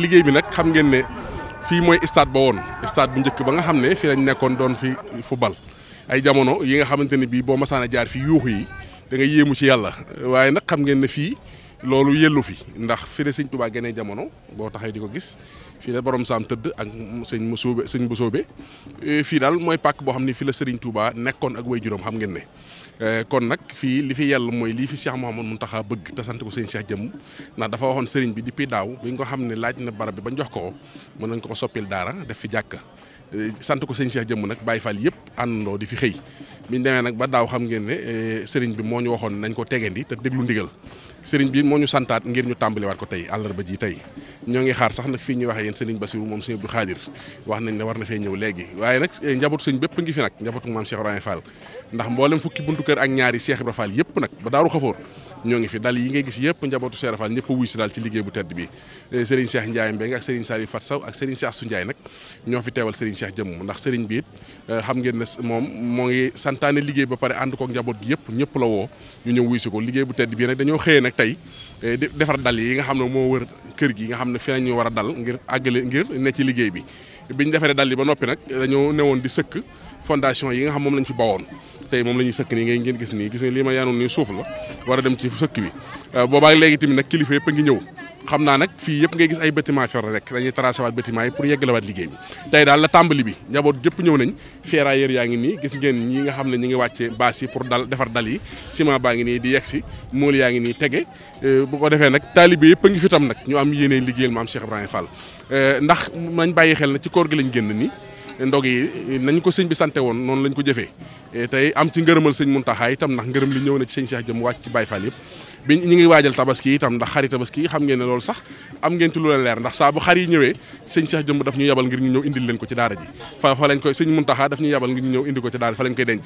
liggéey bi nag xam ngeen ne fii mooy stade ba woon stade bu njëkk ba nga xam ne fii lañ nekkoon doon fi football ay jamono yi nga xamante ne bii boo a jaar fi yuuxu yi da nga yéemu ci yàlla waaye nag xam ngeen ne fii loolu yëllu fi ndax fi de sëñ Tuubaa gënee jamono boo taxee di ko gis fii la borom saam tëdd ak sëñ Masoobe sëñ Masoobe e, fii daal mooy pàkk boo xam ne fii la Serigne Touba nekkoon ak way juróom xam ngeen ne. E, kon nag fii li fi yàlla mooy lii fi Cheikh Mouhamadou Mountakha bëgg te sant ko sëñ Cheikh jëmm ndax dafa waxoon sëriñ bi depuis daaw bi nga xam ne laaj na barab bi ba jox ko mën nañ koo ko soppil daara def fi jàkka e, sant ko sëñ Cheikh jëmm nag Baay Faal yëpp àndandoo di fi xëy. biñ demee nag ba daaw xam ngeen ne eh, sëriñ bi moo ñu waxoon nañ ko tegandi te déglu ndigal sëriñ bi moo ñu santaat ngir ñu tàmbaliwaat ko tey àllarba ji tey ñoo ngi xaar sax nag fii ñuy waxee yéen sëriñ Basiru moom sëriñ Abdou Khadir wax nañ ne war na fee ñëw léegi waaye nag eh, njabootu sëriñ bépp ngi fi nag njabootu maam Cheikh Ibrahima Fall ndax mboolem fukki buntu kër ak ñaari seex Ibrahima Fall yëpp nag ba daaru xafoor ñoo ngi fi dal yi ngay gis yëpp njabootu Cheikh Fall ñëpp a wuy si daal ci liggéey bu tedd bi eh, Serigne Cheikh Ndiaye Mbengue ak Serigne Saliou Fat Saw ak Serigne Cheikh Assou Ndiaye nag ñoo fi teewal Serigne Cheikh jëmm ndax Serigne bi it eh, xam ngeen ne moom moo ngi santaane liggéey ba pare ànd kook njaboot gi yëpp ñëpp la woo ñu ñëw wuy si ko liggéey bu tedd bi nag dañoo xëyee nag tey Eh, defar dal yi nga xam ne moo wër kër gi nga xam ne fi la ñu war dal ngir àggale ngir ne ci liggéey bi ñu defaree dal yi ba noppi nag ne woon di sëkk fondation yi nga xam moom lañ ci bawoon tey moom la ñuy sëkk nii ngay ngeen gis nii gis nga lii ma yaanoon nii suuf la war a dem ci sëkk bi eh, boobaag léegi tamit nag kilifa yëpp a ngi ñëw xam naa nag fii yëpp ngay gis ay bâtiment fer rek dañuy tracé waat bâtiment yi pour yeggalewaat liggéey bi tey daal la tàmbali bi njaboot jëpp ñëw nañ ferrailleur yaa ngi nii gis ngeen ñi nga xam ne ñi ngi wàcce baas yi pour dal defar dal yi ciment baa ngi nii di yegg si mool yaa ngi nii tege euh, bu ko defee nag taalibe yëpp a ngi fi tam nag ñu am yéene liggéeyal maam Cheikh Ibrahima Fall euh, ndax mañ bàyyi xel na ci koor gi lañ génn nii ndog yi nañ ko sëñ bi sante woon noonu lañ ko jëfee tey am ci ngërëmal sëñ Muntaxa itam ndax ngërëm li ñëw na ci sëñ Cheikh jëm wàcc ci Baye Fall yëpp bi ngi waajal tabaski itam ndax xari tabaski xam ngeen lool sax am ngeen ci lu la leer ndax saa bu xar yi ñëwee sëñ Cheikh jëmb ñu yabal ngir ñu ñëw indil leen ko ci daara ji fa fa lañ koy sëñ Muntaxa daf ñu yabal ngir ñu ñëw indi ko ci daara ji fa lañ koy denc